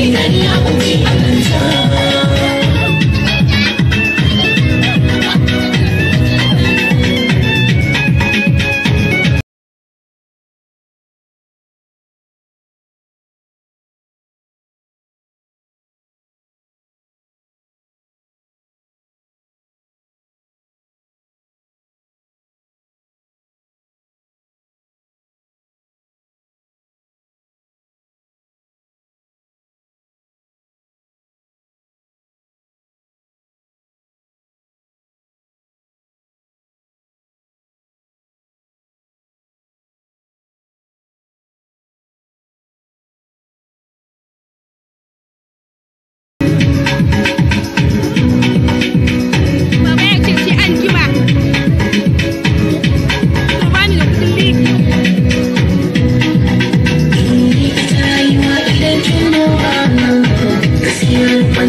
Happy New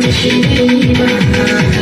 shi ne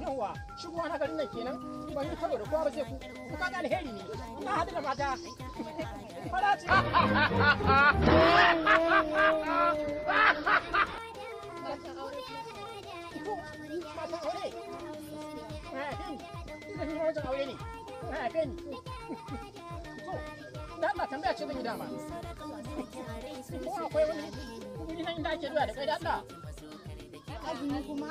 yawa shigowa na garin nan kenan ba ni karo da kowa ba sai ku ku kaga alheri ne ina hadu da mata ni ne da ko akwai wani kuma ni nan inda ake da kai da Allah azumi kuma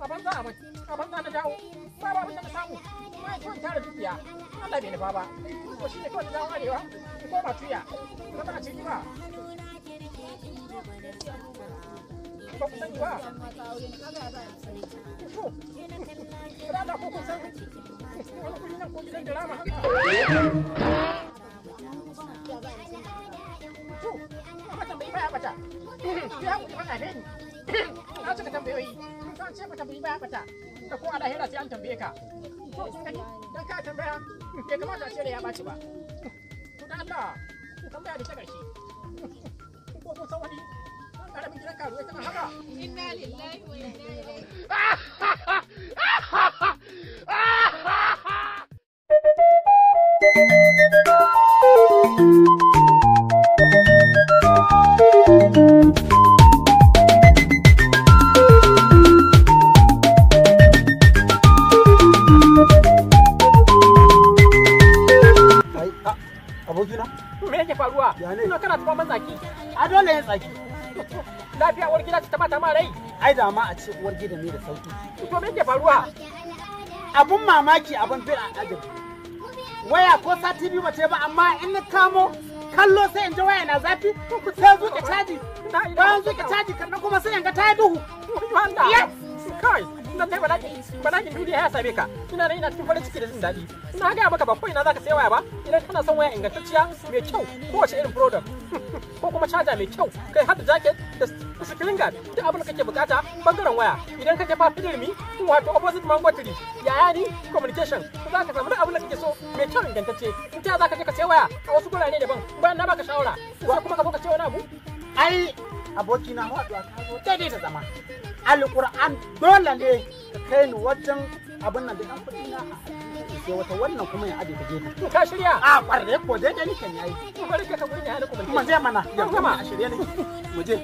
a banza a mace a banza na dawo ba ba abinda samu kuma ya kawai tara dukiya Allah bai nufa ba ko ne kawai na dawo arewa ko ba tuya na ba ciki ba ba ku sani ba ko kun san wani kuri nan ko gidan dirama haka tambayi bata ya ku ne na tambayoyi ce bata bi ba fata ko a lahira sai an tambaye ka to kin gani dan ka tambaya kamata a ce da ya baci ba to dan Allah ku tambaya da ta ko san wani gidan haka inna lillahi wa inna ilaihi kuma mun a dole ya tsaki lafiya uwar gida ta mata ma rai ai da ma a ce uwar gida ne da sauki to me yake faruwa abun mamaki abun a ajab waya ko sati biyu mace ba amma in na kamo kallo sai in ji waya na zafi sai zuke caji bayan zuke caji kan kuma sai in ga ta duhu yes kai dan kai bala'in bala'in duniya ya same ka ina nan ina cikin farin ciki da jin daɗi ina ga maka ba ko ina zaka sai waya ba idan kana son waya ingantacciya mai kyau kowace irin product ko kuma charger mai kyau kai hada jaket jacket da screen guard duk abin da kake bukata bangaren waya idan kake fa filmi wato opposite mango tree yaya ni communication za ka samu duk abin da kake so mai kyau ingantacce in ta za ka je ka sai waya a wasu gurare daban bayan na baka shawara ko kuma ka zo ka ce abu ai abokina wato a kawo daidai da zama alƙur'an dole ne ka kai ni wajen abin nan da kan kuɗi na sai wata wannan kuma ya aje ta gefe ka shirya a ƙwarre ko daidai nake ne ai ko bari ka ka gurin hali kuma mu je mana ya kuma a shirye ne mu je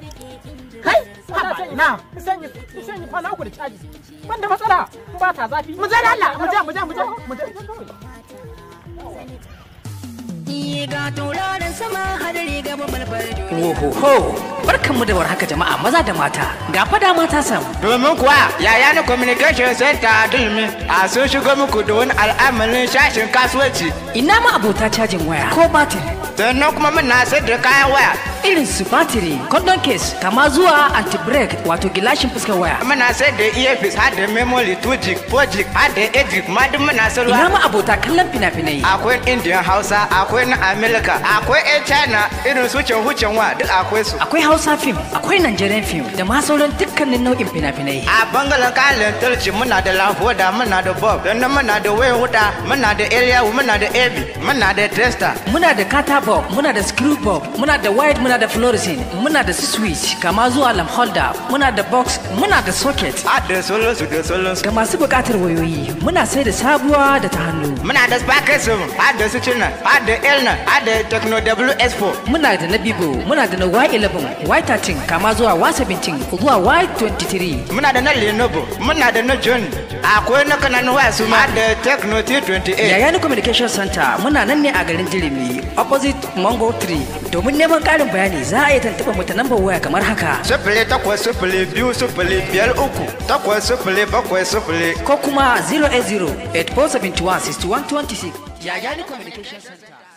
kai na ni sanya ni fara ku da caji ban da matsala ba ta zafi mu je Allah mu je mu je mu je mu je sama hadari ohoho barkan mu da warhaka jama'a maza da mata ga fada mata sam. domin kuwa yaya na communication center a dulmi a sun shigo muku da wani al'amarin shashin kasuwanci ina ma abota cajin waya ko batir sannan kuma muna sayar da kayan waya irin su batiri condom case kama zuwa anti-break wato gilashin fuskar waya muna sai da earpiece har da memory to jig for jig har da 8gig ma duk muna sarwa ina ma abota kallon fina-finai akwai indian hausa akwai na america akwai a china irin su can hucen wa duk akwai su akwai hausa film akwai nigerian film da ma sauran dukkanin nau'in fina-finai a bangaren kayan talci muna da lafoda muna da bob sannan muna da wayan huda muna da area muna da ab muna da tester muna da kata bob muna da screw bob muna da wide muna muna da fluorescent muna da switch kama zuwa lamp holder muna da box muna da socket a ah, da solon su da solon su ga masu bukatar wayoyi muna sai da sabuwa da ta hannu muna da sparkers a da su cinna a da elna a da techno ws4 muna da na bibo muna da na y11 y13 kama zuwa y17 zuwa y23 muna da na lenovo muna da na john akwai na kananu waya su ma da techno t28 yayani communication center muna nan ne a garin jirimi opposite mango 3 domin neman karin bayan bayani za a yi tuntuɓa mu ta lambar waya kamar haka. Sifili takwas sifili biyu sifili biyar uku takwas sifili bakwai sifili. Ko kuma 080 8471 6126 ni Communication Center.